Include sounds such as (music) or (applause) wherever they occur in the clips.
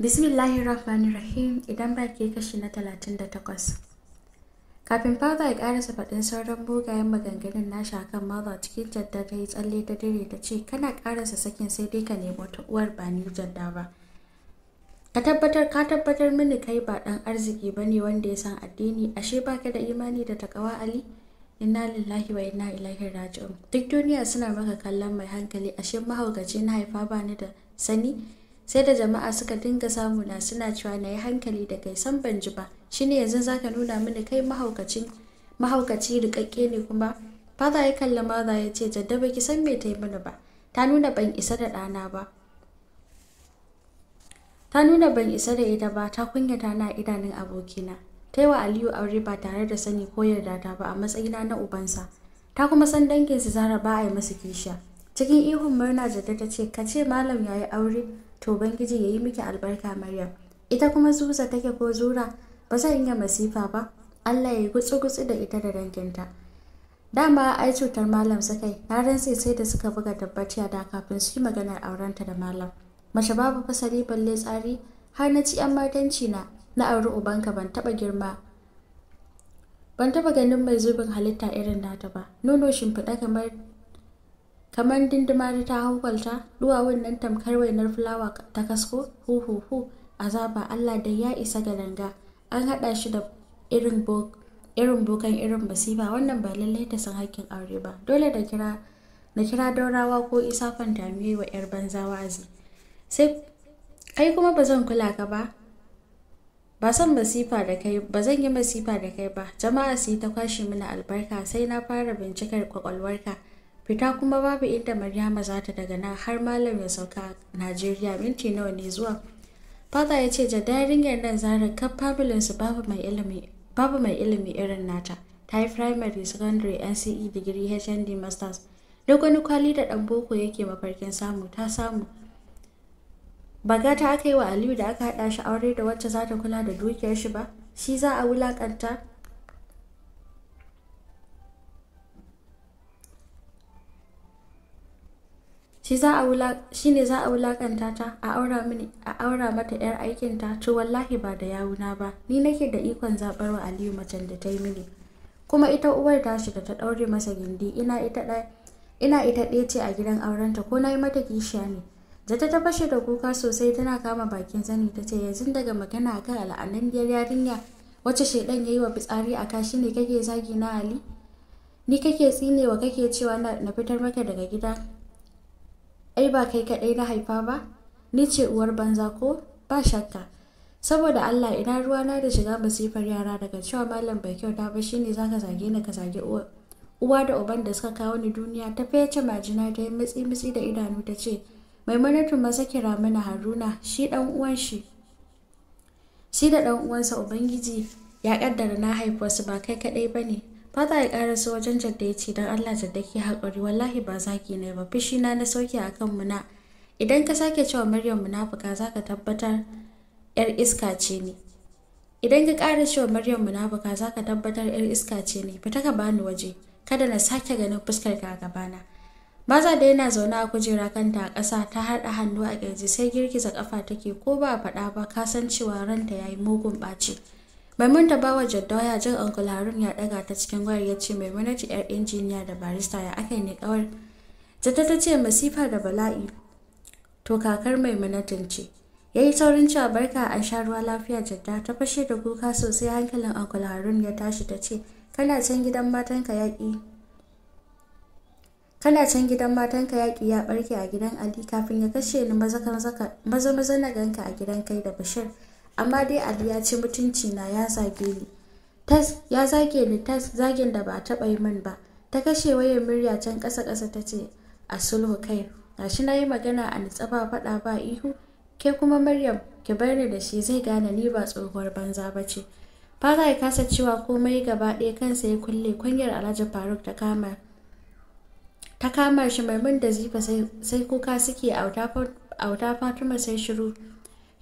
Bismillahir Rahmanir Rahim idan ba ke kashi na 38. Kafin fada ya karasa faɗin sauran bugayen maganganun nashi kan maza cikin jadda ta yi tsalle ta dire da ce kana karasa sakin sai dai ka nemi wata uwar ba ni jadda ba. Ka tabbatar ka tabbatar mini kai ba ɗan arziki ba ne wanda ya san addini ashe ba baka da imani da takawa Ali. inna lillahi wa inna ilaihi raji'un duk duniya suna maka kallon mai hankali ashe mahaukaci na haifa ba ni da sani sai da jama'a suka dinga samu na suna cewa na yi hankali da kai san ban ji ba shine yanzu za ka nuna mini kai mahaukacin mahaukaci rikakke ne kuma fada ya kalla maza ya ce jadda ba ki san me ta yi mini ba ta nuna ban isa da ɗana ba ta nuna ban isa da ita ba ta kunyata na idanun abokina ta yi wa aliyu aure ba tare da sani ko yarda ta ba a matsayina na ubansa ta kuma san danginsu zara ba a yi masu kishiya cikin ihun murna jadda ta ce ka ce malam ya yi aure to ubangiji ya yi miki albarka maryam ita kuma zuza take ko zura ba zan iya masifa ba allah ya yi gutsu-gutsu da ita da danginta dama ai cutar malam sakai na rantse sai da suka buga tabbaciya da kafin su yi maganar aurenta da malam mace babu fasali balle tsari har na ci yan martanci na na auri ubanka ban taba girma ban taba ganin mai zubin halitta irin nata ba nono shimfiɗa kamar kamar dindima da ta hukwalta duwawun nan tamkar wainar fulawa ta kasko hu hu hu azaba allah da ya isa ga danga an hada shi da irin irin bokan irin basiba wannan ba lallai ta san hakkin aure ba dole da kira na kira daurawa ko isa fantami wa yar banza wazi sai kai kuma ba zan kula ka ba ba san masifa da kai ba zan yi masifa da kai ba jama'a su yi ta kwashe mana albarka sai na fara bincikar kwakwalwarka fita kuma babu inda maryama za ta daga nan har malam ya sauka najeriya minti nawa ne zuwa fata ya ce jadarin nan zara kan familinsu babu mai ilimi irin nata ta yi primary secondary nce digiri hnd masters duk wani kwali da dan boko yake mafarkin samu ta samu baga ta aka yi wa aliyu da aka haɗa shi aure da wacce za ta kula da dukiyar shi ba shi za a wulakanta shi ne za a wulakanta ta a aura mini a aura mata yar aikin ta to wallahi ba da yawuna ba ni nake da ikon zaɓar wa Aliyu macen da ta yi mini kuma ita uwar ta da ta ɗaure masa gindi ina ita ɗaya ce a gidan aurenta ko na yi mata kishiya ne zata ta fashe da kuka sosai tana kama bakin zani ta ce yanzu daga magana akan al'adun biyar yarinya wacce shaidan ya yi wa fitsari a kashi ne kake zagi na Ali ni kake tsinewa kake cewa na fitar maka daga gida ai ba kai kaɗai na haifa ba ni ce uwar banza ko ba shakka saboda Allah ina ruwana da shiga masifar yara daga cewa malam bai kyauta ba shine zaka zage ni ka zage uwa da uban da suka kawo ni duniya ta fece majina ta yi mitsi mitsi da idanu ta ce maimunatu maza kira mana haruna shi dan uwan shi shi da dan uwansa ubangiji ya kaddara na haifuwarsu ba kai kaɗai ba ne. fata ya su wajen jadda ya ce don allah jadda ke haƙuri wallahi ba zaki ne ba fushi na na sauke a kan muna idan ka sake cewa maryam munafuka za ka tabbatar yar iska ce ne idan ka ƙara cewa maryam munafuka za ka tabbatar yar iska ce ne fita ka bani waje kada na sake ganin fuskar ka a gabana maza da yana zaune a kujera kanta a ƙasa ta haɗa hannu a ƙirji sai girgiza ƙafa take ko ba a faɗa ba ka san cewa ranta ya yi mugun ɓaci maimun da bawa jaddawa ya jin uncle harun ya daga ta cikin wayar ya ce mai yar injiniya da barista ya aka ne kawar jadda ta ce masifa da bala'i to kakar maimunatin ce ya yi saurin cewa barka a sha ruwa lafiya jadda ta fashe da kuka sosai hankalin uncle harun ya tashi ta ce kana can gidan matanka yaƙi yaƙi ya ɓarke a gidan ali kafin ya kashe ni maza maza na ganka a gidan kai da bashir amma dai ali ya ce mutunci na ya zage ni tas ya zage ni tas zagin da ba taba yi min ba ta kashe wayar murya can ƙasa ƙasa ta ce a sulhu kai gashi na yi magana a nitsa ba faɗa ba ihu ke kuma maryam ki bar ni da shi zai gane ni ba tsohuwar banza ba ce fara ya kasa cewa komai gaba ɗaya kansa ya kulle kwanyar alhaji faruk ta kama ta kama shi maimun da zifa sai kuka suke auta fatima sai shiru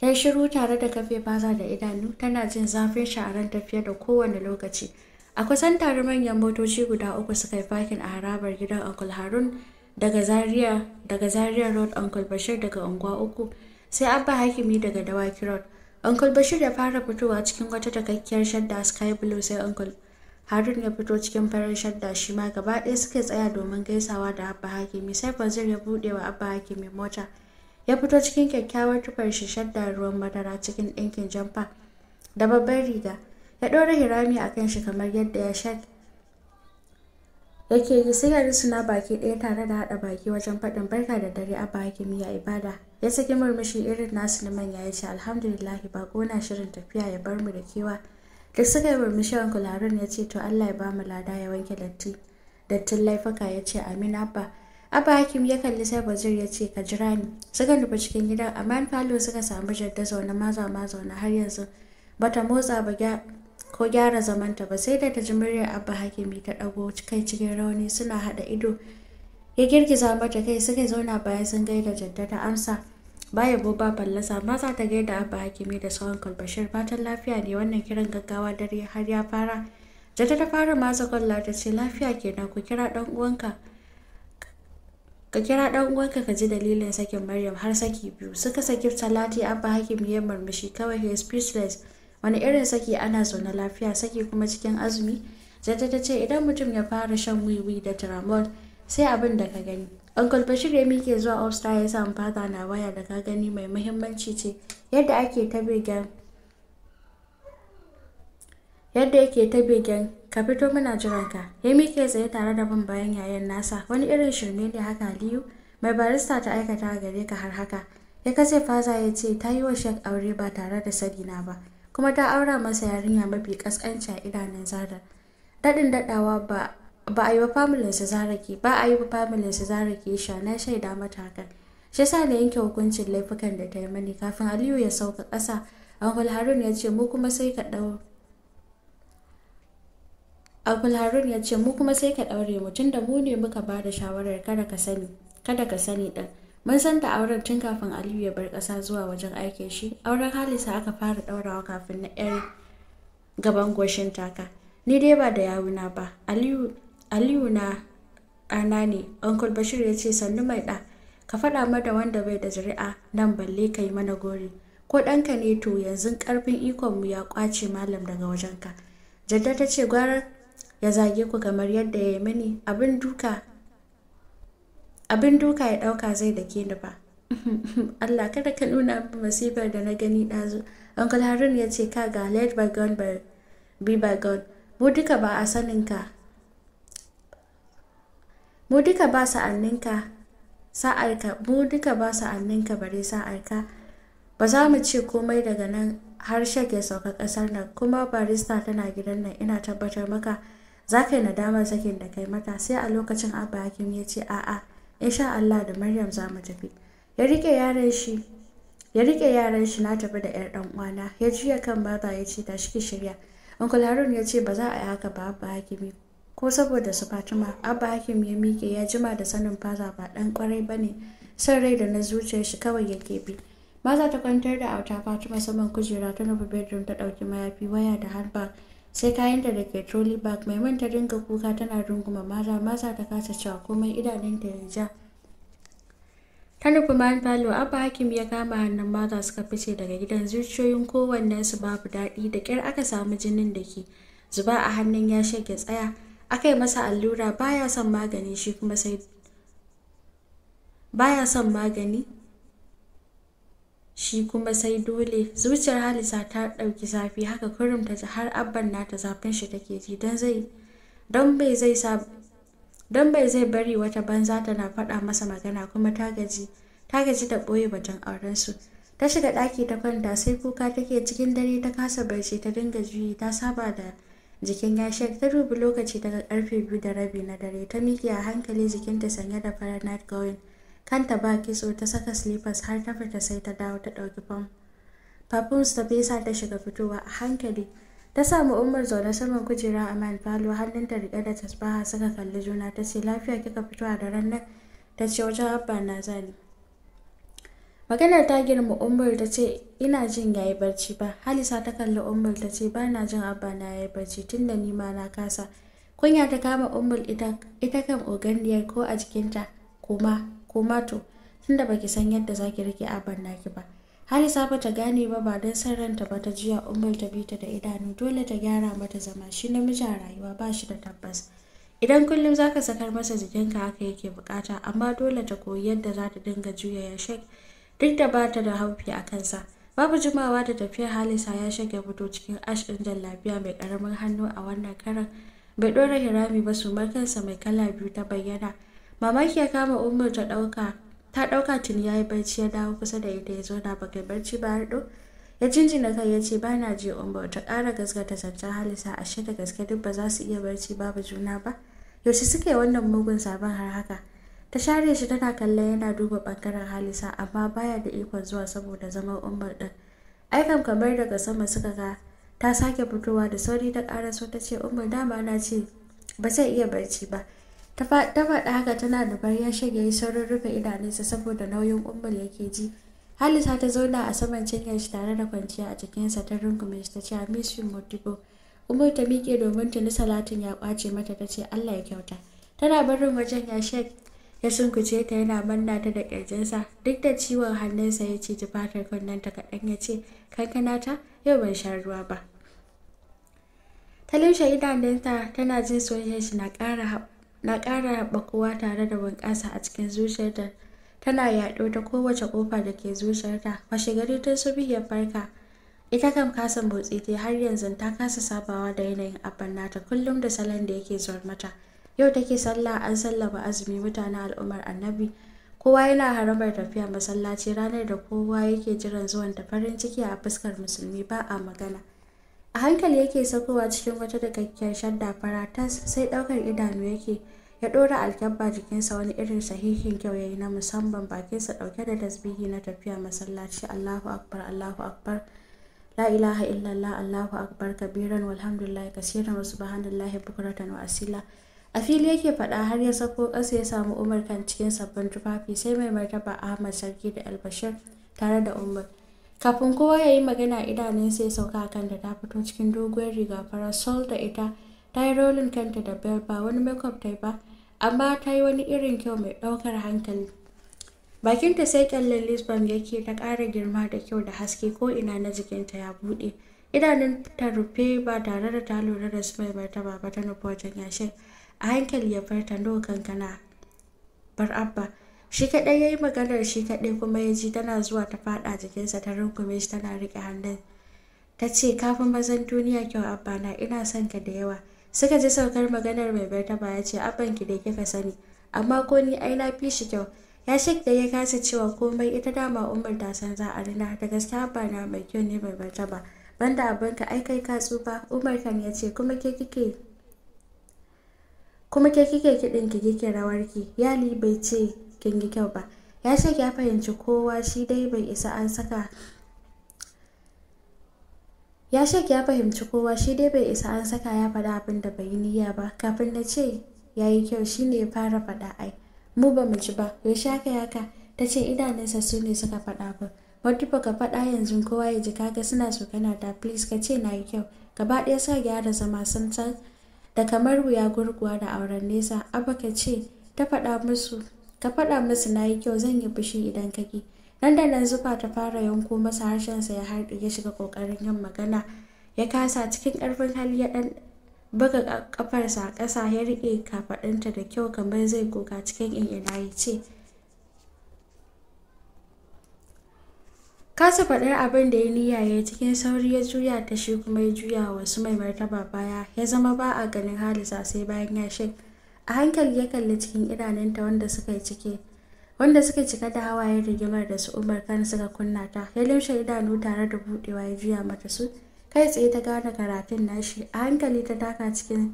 ya shiru tare da kafe baza da idanu tana jin zafin sha'aran tafiya da kowane lokaci. A kusan tare manyan motoci guda uku suka yi fakin a harabar gidan Uncle Harun daga Zaria daga Zaria Road Uncle Bashir daga unguwa uku sai Abba Hakimi daga Dawaki Road. Uncle Bashir ya fara fitowa cikin wata takakkiyar shadda Sky Blue sai Uncle Harun ya fito cikin farar shadda shi ma gaba ɗaya suka tsaya domin gaisawa da Abba Hakimi sai fazil ya buɗewa Abba Hakimi mota. ya fito cikin kyakkyawar tufar shishar shadda ruwan madara cikin ɗinkin jamfa da babbar riga ya ɗora hirami a kan shi kamar yadda ya sha yake yi sai ya risuna baki ɗaya tare da haɗa baki wajen faɗin barka da dare a baki miya ibada ya saki murmushi irin nasu na manya ya ce alhamdulillah ba na shirin tafiya ya bar mu da kewa duk suka yi murmushi wanku ya ce to allah ya ba mu lada ya wanke dattin laifuka ya ce amin abba abba hakim ya kalli sai bazir ya ce ka jira ni suka nufa cikin gidan amma falo suka samu jadda zaune maza ma zaune har yanzu bata motsa ba ko gyara zamanta ba sai da ta ji muryar abba hakim ta ɗago kai cikin rauni suna haɗa ido ya girgiza mata kai suka zauna bayan sun gaida jadda ta amsa baya boba ballasa maza ta gaida abba hakimi da sauran kulbashir fatan lafiya ne wannan kiran gaggawa dare har ya fara jadda ta fara masa kwalla ta ce lafiya kenan ku kira ɗan uwanka ka kira ɗan uwanka ka ji dalilin sakin maryam har saki biyu suka saki talati abba hakim ya murmushi kawai he speechless wani irin saki ana zaune lafiya saki kuma cikin azumi zata ta ce idan mutum ya fara shan wiwi da tramol sai abin da ka gani uncle bashir ya mike zuwa upstairs ya sa fata na waya da ka gani mai muhimmanci ce yadda ake ta gan. yadda yake ta begen ka fito muna ka ya mike tsaye tare da bin bayan yayan nasa wani irin shirme ne haka aliyu mai barista ta aikata gare ka har haka ya kace faza ya ce ta yi wa shek aure ba tare da sadina ba kuma ta aura masa yarinya mafi kaskanci a idanun zarar daɗin daɗawa ba ba a yi wa zaraki ba a yi wa familinsa zaraki sha na shaida mata hakan shi yasa na yanke hukuncin laifukan da ta yi mani kafin aliyu ya sauka ƙasa an harun ya ce mu kuma sai ka ɗau harun ya ce mu kuma sai ka ɗaure mu tun da mu ne muka ba da shawarar kada ka sani kada ka sani ɗin mun san da auren tun kafin aliyu ya bar ƙasa zuwa wajen aike shi auren halisa aka fara ɗaurawa kafin na yar gaban goshin taka ni dai ba da yawuna ba aliyu na ana ne uncle bashir ya ce sannu mai ɗa ka faɗa mada wanda bai da zuri'a nan balle ka yi mana gori ko ɗanka ne to yanzu ƙarfin ikonmu ya kwace malam daga wajenka jadda ta ce gwara ya zage ku kamar yadda ya yi mini abin duka abin duka ya ɗauka zai da ke ni ba (laughs) Allah kada ka nuna masifar da na gani ɗazu Uncle Harun ya ce ka ga let by be by mu duka ba a saninka mu duka ba sa'anninka sa'arka mu duka ba sa'anninka bare sa'arka ba za mu ce komai daga nan har shak ya sauka ƙasar nan kuma barista tana gidan nan ina tabbatar maka za ka yi nadamar sakin da kai mata sai a lokacin abba hakim ya ce a'a sha allah da maryam za mu tafi ya rike yaran shi ya rike na tafi da yar dan uwana ya jiya kan baba ya ce tashi ki shirya uncle harun ya ce ba za a yi haka ba abba hakimi ko saboda su fatima abba hakim ya mike ya jima da sanin faza ba dan kwarai ba ne son rai da na zuciyar shi kawai yake bi maza ta kwantar da auta fatima saman kujera ta nufi bedroom ta ɗauki mayafi waya da harba sai kayanta da ke trolley bag manta manta dinga kuka tana runguma maza maza ta kasa cewa komai idanunta ya ja ta nufi man falo abba hakim ya kama hannun maza suka fice daga gidan zuciyoyin kowanne su babu daɗi da ƙyar aka samu jinin da ke zuba a hannun ya shage tsaya aka yi masa allura baya son magani shi kuma sai baya son magani shi kuma sai dole zuciyar halisa ta ɗauki zafi haka kurum ta ji har abban nata zafin shi take ji don zai don bai zai bari wata banza tana faɗa masa magana kuma ta gaji ta gaji da ɓoye batun aurensu ta shiga ɗaki ta kwanta sai kuka take cikin dare ta kasa barci ta dinga juyi ta saba da jikin yashek ta dubi lokaci daga karfe biyu da rabi na dare ta miƙe a hankali jikinta sanye da farar night going kanta ba kitso ta saka slippers har ta fita sai ta dawo ta ɗauki fam papoose ta fesa ta shiga fitowa a hankali ta samu umar zaune saman kujera a man falo hannunta rike da tasbaha suka kalli juna ta ce lafiya kika fitowa da daren nan ta ce wajen abba na zani maganar ta girma umar ta ce ina jin yayi barci ba halisa ta kalli umar ta ce ba na jin abba na yayi barci tunda ni ma na kasa kunya ta kama umar ita, ita kan ogandiyar ko a jikinta kuma ko mato tunda baki san yadda zaki rike abin naki ba Halisa ba ta gane ba ba don san ranta ba ta jiya umar ta bi ta da idanu dole ta gyara mata zama shi namiji a rayuwa ba shi da tabbas. Idan kullum zaka sakar masa jikinka haka yake bukata amma dole ta koyi yadda za ta dinga juya ya shek duk da ba ta da haufi a kansa. Babu jimawa da tafiyar Halisa ya shek fito cikin ash ɗin lafiya mai karamin hannu a wannan karan. Bai ɗora hirami ba su markansa mai kala biyu ta bayyana. mamaki ya kama umar ta ɗauka ta ɗauka tuni ya yi barci ya dawo kusa da ita ya zauna ba kai barci ba har ya jinjina kai ya ce ba na je umar ta ƙara gaskata zancen halisa a da gaske duk ba za su iya barci ba ba juna ba yaushe suke wannan mugun sabon har haka ta share shi tana kallon yana duba ɓangaren halisa amma baya da ikon zuwa saboda zaman umar ɗin aikan kamar daga sama suka ga ta sake fitowa da sauri ta ƙara so ta ce umar dama na ce ba zai iya barci ba ta faɗa haka tana da ya shige yi saurin rufe idanunsa saboda nauyin umar yake ji halisa ta zauna a saman cinyar shi tare da kwanciya a jikinsa ta rungume shi ta ce a miss motibo umar ta miƙe domin tuni salatin ya kwace mata ta ce allah ya kyauta tana barin wajen ya shek ya sunkuce ta yana manna ta da ƙirjinsa duk da ciwon hannunsa ya ce fatar kunnen ta kaɗan ya ce kankana ta yau ban sha ruwa ba ta lushe idanunta tana jin soyayyar shi na ƙara na ƙara kowa tare da bunƙasa a cikin zuciyarta tana yaɗo ta kowace ƙofa da ke zuciyarta washe gari tun su ya farka ita kam kasa motsi ta har yanzu ta kasa sabawa da yanayin abban nata kullum da salon da yake zuwar mata yau take sallah an sallaba azumi mutanen al'ummar annabi kowa yana haramar tafiya masallaci ranar da kowa yake jiran zuwan da farin ciki a fuskar musulmi ba a magana a hankali yake saukowa cikin wata dagaggiyar shadda fara sai daukar idanu yake ya ɗora alkyabba jikinsa wani irin sahihin kyau yayi na musamman bakinsa dauke da tasbihi na tafiya masallaci allahu akbar allahu akbar la ilaha illallah allahu akbar kabiran walhamdulillah kasiran wa subhanallahi bukratan wa asila a fili yake faɗa har ya sako ƙasa ya samu umar kan cikin sabbin tufafi sai mai martaba ahmad sarki da albashir tare da umar kafin kowa ya yi magana idanun sai sauka kan da ta fito cikin doguwar riga fara sol da ita ta yi rolin kanta da bell ba wani makeup ta ba amma ta yi wani irin kyau mai ɗaukar hankali bakinta sai kyallin lisbon yake ta ƙara girma da kyau da haske ko ina na jikinta ya buɗe idanun ta rufe ba tare da ta lura da su mai barta ba ta nufa wajen yashin a hankali ya farta ta kankana bar abba shi kaɗai ya yi maganar shi kaɗai kuma ya ji tana zuwa ta faɗa jikinsa ta rungume shi tana riƙe hannun ta ce kafin mazan duniya kyau na ina son ka da yawa suka ji saukar maganar mai martaba ya ce ki da kika sani amma ko ni ai na fi shi kyau ya shakka ya kasa cewa komai ita dama umar ta san za a rina da gaskiya na mai kyau ne mai ba banda ka ai kai ka tsufa umar kan ya ce kuma ke kike kuma ke kike kiɗin ki kike rawarki yali bai ce kin kyau ba ya ce ya fahimci kowa shi dai bai isa an saka ya shek ya fahimci kowa shi dai bai isa an saka ya faɗa abin da bai yi niyya ba kafin na ce ya yi kyau shi ne ya fara faɗa ai mu ba mu ci ba yaushe haka yaka ta ce idanunsa su ne suka faɗa ba wadda ba ka faɗa yanzu kowa ya ji kaga suna tsokana ta please ka ce na yi kyau gaba ɗaya sa gyara zama sun da kamar wuya gurguwa da auren nesa abba ka ce ta faɗa musu ka faɗa musu na yi kyau zan yi fushi idan ka ki nan da nan zufa ta fara yanko masa harshen sa ya harɗe ya shiga ƙoƙarin yin magana ya kasa cikin ƙarfin hali ya ɗan buga ƙafarsa a ƙasa ya riƙe kafaɗinta da kyau kamar zai goga cikin ina ya ce kasa faɗar abin da ya niyya ya cikin sauri ya juya ta shi kuma ya juya wasu mai martaba baya ya zama ba a ganin halisa sai bayan ya shiga a hankali ya kalli cikin idanunta wanda suka yi cike wanda suka cika da hawayen rigimar da su umar kan suka kunna ta ya limshe idanu tare da budewa ya juya mata su kai tsaye ta gane karatun nashi a hankali ta taka cikin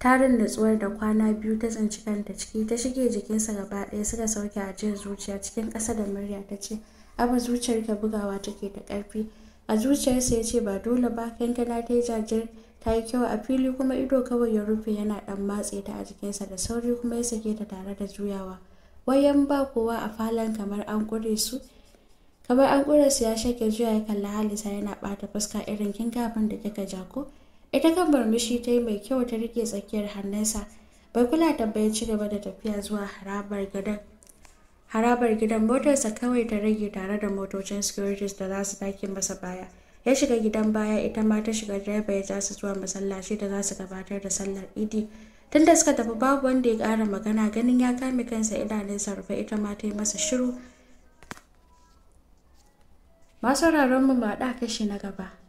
tarin natsuwar da kwana biyu ta tsinci kanta ciki ta shige jikinsa gaba ɗaya suka sauke a jin zuciya cikin ƙasa da murya ta ce abu zuciyarka bugawa take da ƙarfi a zuciyarsa ya ce ba dole ba kankana ta yi jajir ta yi kyau a fili kuma ido kawai ya rufe yana ɗan matse ta a jikinsa da sauri kuma ya sake ta tare da juyawa wayan ba kowa a falon kamar an ƙure su kamar an kure su ya shake juya ya kalli halisa yana ɓata fuska irin kin gafin da kika ja ko ita kan murmushi ta yi mai kyau ta rike tsakiyar hannunsa bai kula da ci gaba da tafiya zuwa harabar gidan harabar gidan motarsa kawai ta rage tare da motocin securities da za su take masa baya ya shiga gidan baya ita ma ta shiga direba ya ja su zuwa masallaci da za su gabatar da sallar idi tunda suka tafi babu wanda ya ƙara magana ganin ya kame kansa idanunsa rufe ita ma ta yi masa shiru masu mu ba da kashi na gaba